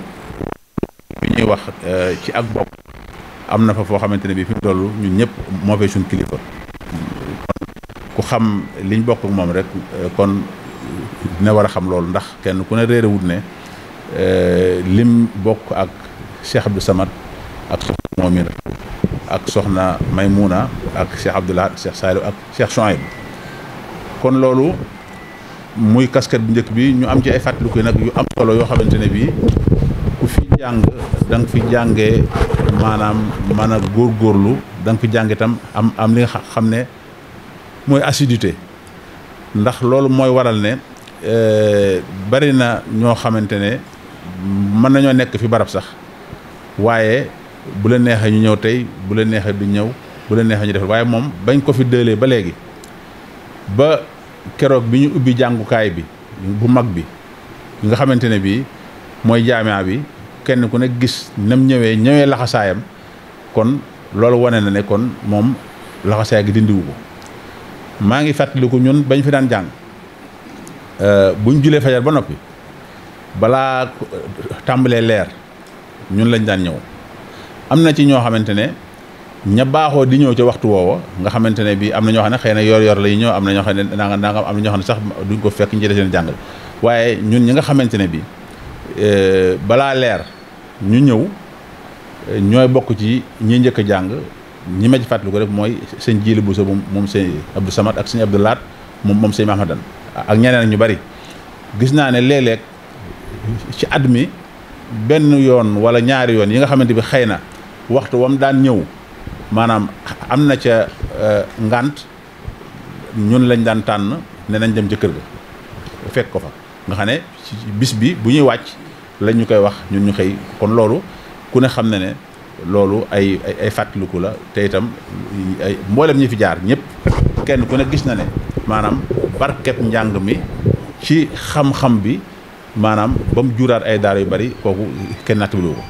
bi ñuy wax euh, ci ak bopp am na fa foo xamante ne bii fi mu toll ñun ñëpp moo fay suñu kilifa ku xam liñ bokk moom rek euh, kon dina war a xam loolu ndax kenn ku ne réere wut ne euh, lim bokk ak Cheikh Abdou Samad ak soxna Momin ak Maymuna ak Cheikh Abdoulaye Cheikh Saliou ak Cheikh Chouaib kon loolu muy casquette bu njëkk bi ñu am ci ay fàttaliku nag yu am solo yoo xamante ne bii ku fi jàng da nga fi jànge maanaam mën a góorgóorlu da nga fi jàng itam am am li nga xam ne mooy assiduité ndax loolu mooy waral ne euh, bari na ñoo xamante ne mën nañoo nekk fi barab sax waaye bu la neexee ñu ñëw tey bu la neexee du ñëw bu la neexee ñu def waaye moom bañ ko fi dëlee ba léegi keroog bi ñu ubbi jàngukaay bi bu mag bi nga xamante ne bii mooy jaamia bi kenn ku ne gis nam ñëwee ñëwee laxasaayam kon loolu wane na ne kon moom laxasaay gi dindiwu ko maa ngi fàttaliku ñun bañ fi daan jàng euh, buñ julee fajar ba noppi balaa tàmbalee leer ñun lañ daan ñëw am na ci ñoo xamante ne ña baaxoo di ñëw ca waxtu woowa nga xamante ne bi am na ñoo xam ne xëy na yor-yor lay ñëw ñoo xam ne nanga nanga am na ñoo xam ne sax ko fekk ñu ci seen waaye ñun ñi nga xamante ne bi euh, balaa leer ñu ñëw ñooy bokk ci ñi njëkk a jàng ñi ma ci fàttaliku rek mooy sëñ Jiili Buso moom seen Abdou Samad ak sëñ Abdou Laat moom moom sëñ Mahamadan ak ñeneen ñu bari gis naa ne léeg-léeg ci at mi benn yoon wala ñaari yoon yi nga xamante bi xëy na waxtu wam daan ñëw maanaam am na ca euh, ngant ñun lañ daan tànn ne nañ dem jëkkër kër ga fekk ko fa nga xam ne bis bi bu ñuy wàcc lañ ñu koy wax ñun ñu xëy kon loolu ku ne xam ne ne loolu ay ay fàttaliku la te itam ay mboolem ñi fi jaar ñëpp kenn ku ne gis na ne maanaam barkeb njàng mi ci xam-xam bi maanaam ba mu juraat ay daara yu bari kooku kenn nattablu ko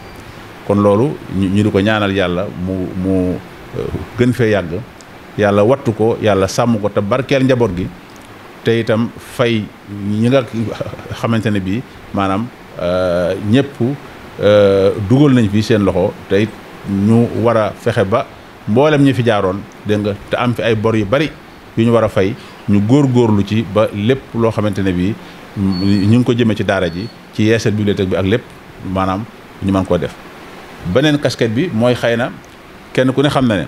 kon loolu ñu di ko ñaanal yàlla mu mu gën fee yàgg yàlla wattu ko yàlla sàmm ko te barkeel njaboot gi te itam fay ñi nga xamante ne bii maanaam euh, ñëpp euh, dugal nañ fi seen loxo te ñu war a fexe ba mboolem ñi fi jaaroon dégg nga te am fi ay bor yu bari yu ñu war a fay ñu góor góorgóorlu ci ba lépp loo xamante ne bii ñu ngi ko jëmee ci daara ji ci yeesal bibliothèque bi ak lépp maanaam ñu mën koo def beneen casquette bi mooy xëy na kenn ku ne xam na ne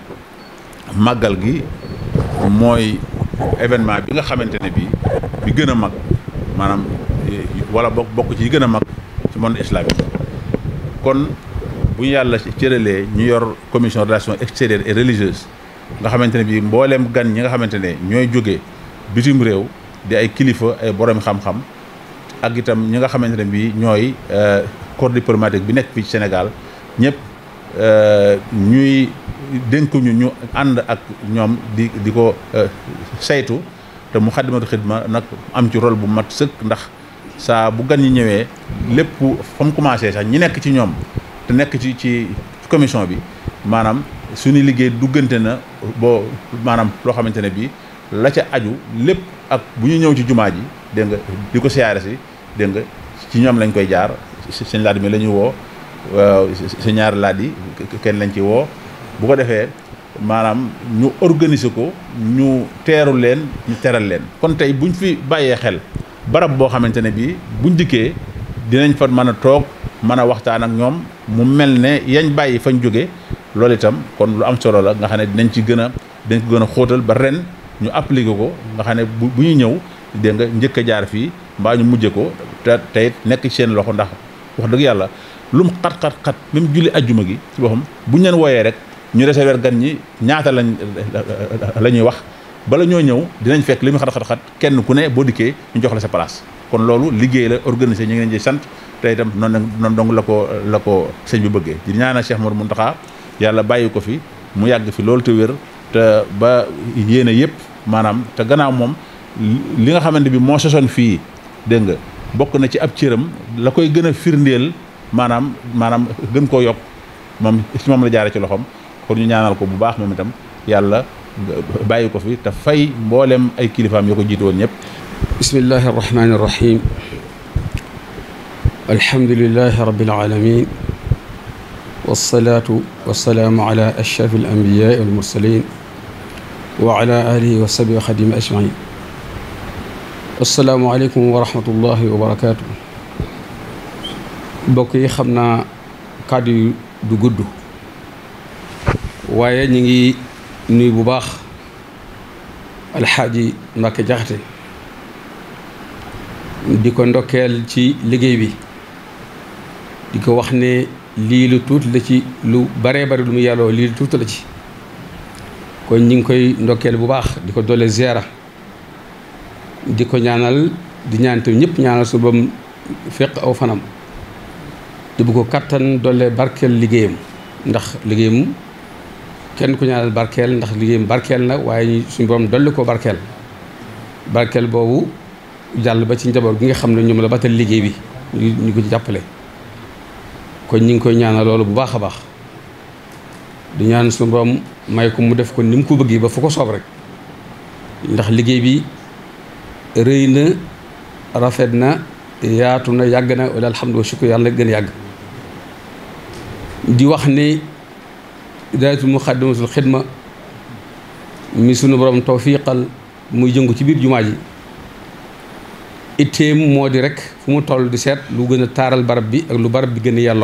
màggal gi mooy événement bi nga xamante ne bii bi gën a mag maanaam wala bokk bokk ci yi gën a mag ci monde islamique kon bu ñu yàlla cëralee ñu yor commission relations extérieures et religieuses nga xamante ne bii mbooleem gan ñi nga xamante ne ñooy jóge bitim réew di ay kilifa ay borom xam-xam ak itam ñi nga xamante ne bii ñooy euh, corps diplomatique bi nekk fii Sénégal ñëpp. ñuy dénkuñu ñu ànd ak ñoom di di ko euh, saytu te mu xaddimatu xidma nag am ci rôle bu mat sëkk ndax saa bu gan ñi ñëwee lépp fa mu commencé sax ñi nekk ci ñoom te nekk ci ci commission bi maanaam suñu liggéey duggante na boo maanaam loo xamante ne bii la ca aju lépp ak bu ñu ñëw ci jumaa ji dégg nga di ko siyaare si dégg nga ci ñoom lañ koy jaar seen laaj mi la ñuy woo waaw si ñaari laaj yi kenn lañ ci woo bu ko defee maanaam ñu organiser ko ñu teeru leen ñu teral leen kon tey bu ñu fi bàyyee xel barab boo xamante ne bii bu dikkee dinañ fa mën a toog mën a waxtaan ak ñoom mu mel ne yañ bàyyi fañ jóge loolu itam kon lu am solo la nga xam ne dinañ ci gën a dañ ko gën a xóotal ba ren ñu appliqué ko nga xam ne bu bu ñu ñëw dégg nga njëkk jaar fii mbaa ñu mujje ko te tey nekk ci seen loxo ndax wax dëgg yàlla lu xat xat xat même julli ajjuma gi ci boppam bu ñu leen wooyee rek ñu recevoir gan ñi ñaata lañ la ñuy wax bala ñoo ñëw dinañ fekk li mu xat xat xat kenn ku ne boo dikkee ñu jox la sa place kon loolu liggéey la organisé ñu ngi leen di sant te itam noonu noonu dong la ko la ko sëñ bi bëggee di ñaanal Cheikh Mor Mountakha yàlla bàyyi ko fi mu yàgg fi loolu te wér te ba yéene yëpp maanaam te gannaaw moom li nga xamante bi moo sosoon fii dégg nga bokk na ci ab cëram la koy gën a firndeel maanaam maanaam gën koo yokk moom si moom la jaare ci loxoom kon ñu ñaanal ko bu baax moom itam yàlla bàyyi ko fi te fay mboolem ay kilifaam yoo ko jiitu woon ñëpp bismillahi arrahmani arrahim alhamdulilahi rabbil alamin wasalaatu wasalaamu ala ashraf al anbiyaai wal mursalin wa ala alihi wa sahbi wa xadimi ajmain assalaamu aleykum wa rahmatullahi wa barakatuh bokk yi xam naa kàddu yi du gudd waaye ñu ngi nuyu bu baax alxaaji Mbàkke Jaxate di ko ndokkeel ci liggéey bi di ko wax ne lii lu tuut la ci lu baree bari lu mu yàlloo lii lu tuuti la ci kon ñu ngi koy ndokkeel bu baax di ko doole ziara di ko ñaanal di ñaan te ñëpp ñaanal su bam féq aw fanam bu ko kattan doole barkeel liggéeyam ndax liggéeyam kenn ku ñaanal barkeel ndax liggéeyam barkeel na waaye suñu borom dolli ko barkeel barkeel boobu jàll ba ci njaboot bi nga xam ne ñoom la batal liggéey bi ñu ko ci jàppale kon ñu ngi koy ñaanal loolu bu baax a baax di ñaan suñu borom may ko mu def ko ni mu ko bëggee ba fu ko soob rek ndax liggéey bi rëy na rafet na yaatu na yàgg na wala alhamdulilah shukr yàlla gën a yàgg di wax ni ne daayratul muxaddamatul xidma mi sunu borom tawfiqal muy jëngu ci biir jumaa ji itteem moo di rekk fu mu toll di seet lu gën a taaral barab bi ak lu barab bi gën a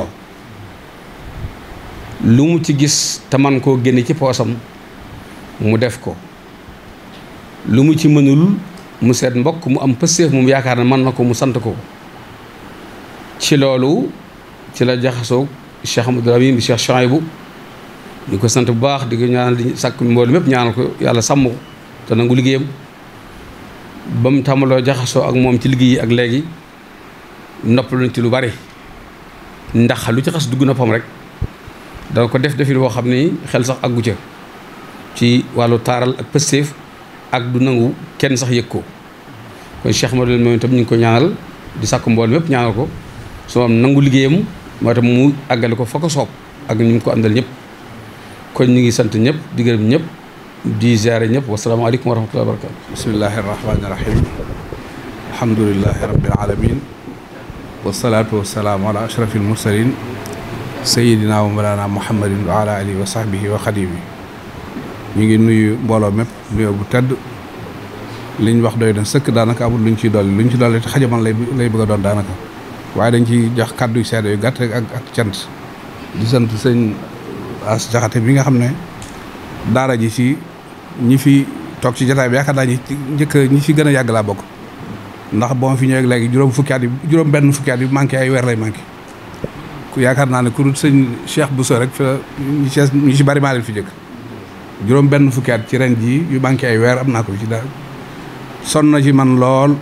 lu mu ci gis te man koo génne ci poosam mu def ko lu mu ci mënul mu seet mbokk mu am pësseef moom yaakaar na mën na ko mu sant ko ci loolu ci la jaxasoog Cheikh Amadou Ramin bi Cheikh Chouaïbou ñu ko sant bu baax di ko ñaanal di sàkk mboolem mépp ñaanal ko yàlla sàmm ko te nangu liggéeyam ba mu tàmbaloo jaxasoo ak moom ci liggéey ak léegi noppalu nañ ci lu bari ndax lu ci xas dugg noppam rek dana ko def defin woo xam ni xel sax àggu ca ci wàllu taaral ak pëstéef ak du nangu kenn sax yëg ko kon Cheikh Amadou Ramin moom itam ñu ngi ko ñaanal di sàkk mboolem mépp ñaanal ko nangu liggéeyam moo mu àggale ko fa ko soob ak ñu ngi ko àndal ñëpp kon ñu ngi sant ñëpp di gërëm ñëpp di ziare ñëpp wasalaamaaleykum wa rahmatullahi wa barakatu bismillahi arrahmani irahim alhamdulilahi rabbil alamin ala ashrafil mursalin sayidina wa mawlana muhammadin wa ala alihi wa sahbihi wa xadimi ñu ngi nuyu mbooloo mépp nuyoo bu tedd liñ wax doy na sëkk daanaka amul luñ ciy dolli luñ ci dolli te xajaman lay lay bëgg a doon daanaka waaye dañ ci jax kàddu yu seede yu gàtt rek ak ak cant di sant sëñ as jaxate bi nga xam ne daara ji si ñi fi toog ci jotaay bi yaakaar naa ñi njëkk ñi si gën a yàgg laa bokk ndax boo fi ñëwee léegi juróom fukki at yi juróom benn fukki at manqué ay weer lay manqué naa ne ku dul sëñ Cheikh Bousso rek fi ñi ci ñi si fi jëkk juróom benn fukki at ci ren ji yu manqué ay weer am naa ko ci daal sonn na ci man lool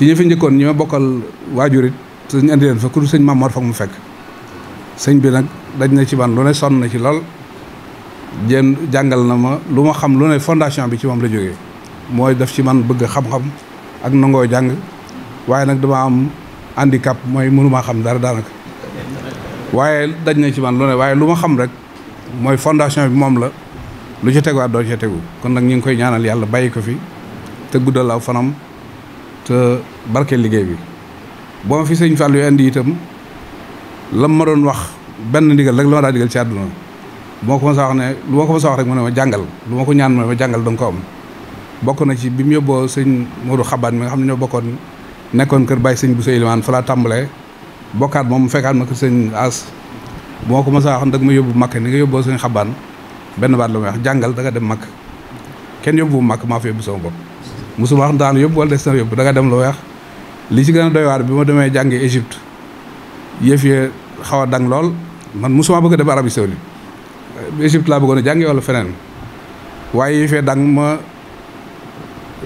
ci ñi fi njëkkoon ñi ma bokkal waajur it suñ andi leen fa ku sëñ Mamor foog mu fekk sëñ bi nag daj na ci man lu ne sonn na ci lool jéem jàngal na ma lu ma xam lu ne fondation bi ci moom la jógee mooy def ci man bëgg xam ak nangoo jàng waaye nag dama am handicap mooy mënumaa xam dara daanaka waaye daj na ci man lu waaye lu ma xam rek mooy fondation bi moom la lu ci teguwaat doo ci tegu kon nag ñu ngi koy ñaanal yàlla bàyyi ko fi te guddal aw fanam te liggéey bi boo ma fi sëñ Fallou andi itam lam ma doon wax benn ndigal rek la ma daa digal ci àdduna bu ko mos a wax ne lu ma ko mos a wax rek mu ne ma jàngal lu ma ko ñaan jàngal da am bokk na ci bi mu yóbboo sëñ Modou Xabaan mi nga xam ne ñoo bokkoon nekkoon kër Baye sëñ bu sa ilimaan fa laa tàmbalee bokkaat moom fekkaat ma kër sëñ As ma ko mos ma yóbbu makk ni Xabaan benn baat la may wax dem makk kenn yóbbu makk maa fa yóbbu sama bopp musuma wax daan yóbbu wala des na yóbbu da nga dem lu weex li ci gën a doy waar bi ma demee jàngee Égypte yëf yi xaw a dang lool man musuma bëgg a dem Arabie Saoudite Égypte laa bëggoon a jàngi feneen waaye yëf dang ma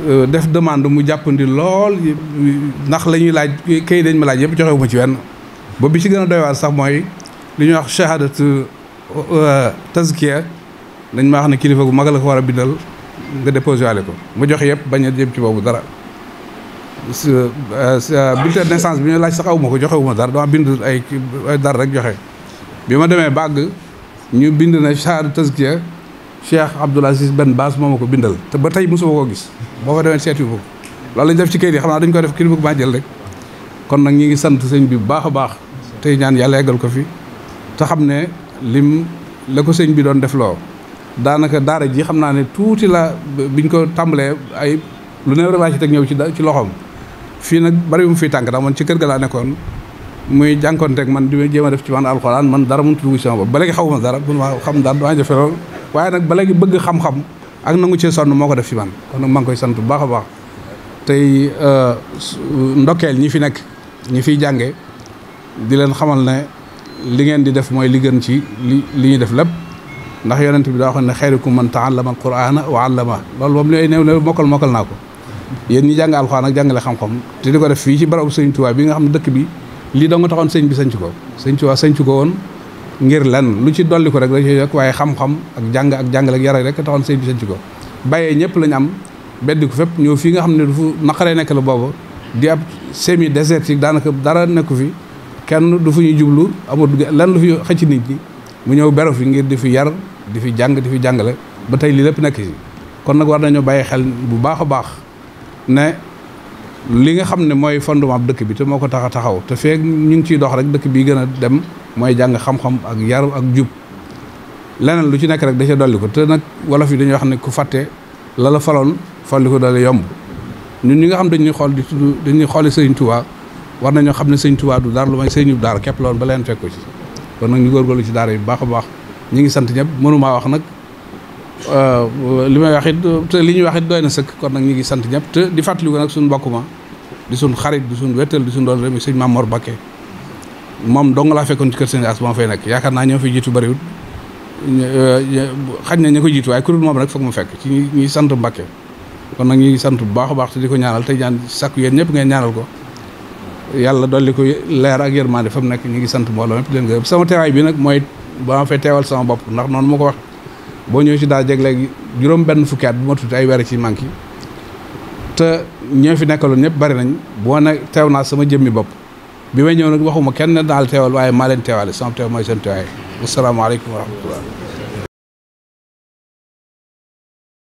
euh, def demande mu jàppandi lool ndax lañuy laaj kay dañ ma laaj yëpp joxewu ma ci wenn ba bi ci gën a doy waar sax mooy li ñuy wax shahadatu euh, tazkiya dañ ma wax ne kilifa gu mag la ko war a bindal nga déposé ko mu joxe yëpp bañ a jëm ci boobu dara bulletin de naissance bi ñu laaj sax aw ko joxe wu ma dara dama bind ay dara rek joxe bi ma demee bàgg ñu bind na char tazkiya Cheikh Abdoul Aziz benn Baas moom ma ko bindal te ba tey mosuma koo gis boo fa demee seet yu ko loolu lañ def ci kayit yi xam naa dañ ko def kii bëgg maa jël rek kon nag ñu ngi sant sëñ bi bu baax a baax tey ñaan yàlla eggal ko fi te xam ne lim la ko sëñ bi doon def loo daanaka daara ji xam naa ne tuuti la biñ ko tàmbalee ay lu ne rëbaa ci teg ñëw ci ci loxoom fii nag bari mu fii tànk daa man ci kër ga laa nekkoon muy jànkoon jànkonteeg man di jéem a def ci man alxuraan man dara mënut dugg ci sama xaw ma dara man maa xam dara maa jafe lool waaye nag ba bëgg xam-xam ak nangu cee sonn moo ko def ci man kon nag maa koy sant bu baax a baax tey euh, ndokkeel ñi fi nekk ñi fiy jànge di leen xamal ne li ngeen di def mooy li gën ci li li ñuy def lépp ndax yonent bi daa waxoon ne xayrukum man taallama alqurana wa allama loolu moom lay néew néew mokkal mokkal naa ko yéen ñi jàng alxuraan ak jàngale xam-xam te di ko def fii ci barabu sëñ Tuubaa bi nga xam ne dëkk bi lii da nga taxoon sëñ bi sanc ko sëñ Tuubaa sanc ko woon ngir lan lu ci dolli ko rek da ciy yokk waaye xam-xam ak jàng ak jàngale ak yara rek taxoon sëñ bi sanc ko bàyyee ñëpp lañu am beddi ko fépp ñëw fii nga xam ne dafu naqaree nekk la boobu di ab semi désertique daanaka dara nekku fi kenn du fu ñuy jublu amul lan lu fi xëcc nit ñi mu ñëw beru fi ngir di fi yar di fi jàng di fi jàngale ba tey lii lépp nekk ci kon nag war nañoo bàyyi xel bu baax a baax ne li nga xam ne mooy fondement dëkk bi te moo ko tax a taxaw te feeg ñu ngi ciy dox rek dëkk bi gën a dem mooy jàng xam ak yar ak jub leneen lu ci nekk rek da ca ko te nag wolof yi dañuy wax ne ku fàtte la la faloon folli ko dala yomb ñun ñi nga xam dañuy xool di tudd dañuy xooli sëñ Tuubaa war nañoo xam ne sëñ Tuubaa du dara lu may sëñu daara képp loolu ba leen ko ci kon nag ñu góorgóorlu ci daara yi bu baax a baax ñu ngi sant ñëpp mënumaa wax nag euh, li may wax it li ñuy wax it na sëkk kon nag ñu ngi sant ñëpp te di fàttaliku nag suñu mbokk ma di suñ xarit di suñ wettal di suñ doon remi sëñ Maam moom dong laa fekkoon ci kër sëñ as moo fay nekk yaakaar naa ñoo fi jiitu bariwul euh, xaj na ñu ko jiitu waaye kuréel moom rek foog ma fekk ci ñuy sant Mbakke kon nag ñu ngi sant bu baax a baax te di ko ñaanal tey ñaan sàkku yéen ñëpp ngeen ñaanal ko yàlla dolli ko leer ak yërmande fa mu nekk ñu ngi sant mbooloo mépp leen gërëm sama teewaay bi nag mooy ba ma fay teewal sama bopp ndax noonu ma ko wax boo ñëwee si daal jeg léegi juróom benn fukki at bu ma tuuti ay weer ci manqué te ñoo fi nekkaloon ñëpp bari nañ boo ne teew naa sama jëmmi bopp bi ma ñëw nag waxuma kenn daal teewal waaye maa leen teewaale sama teew mooy seen teewaay asalaamaaleykum wa rahmatullah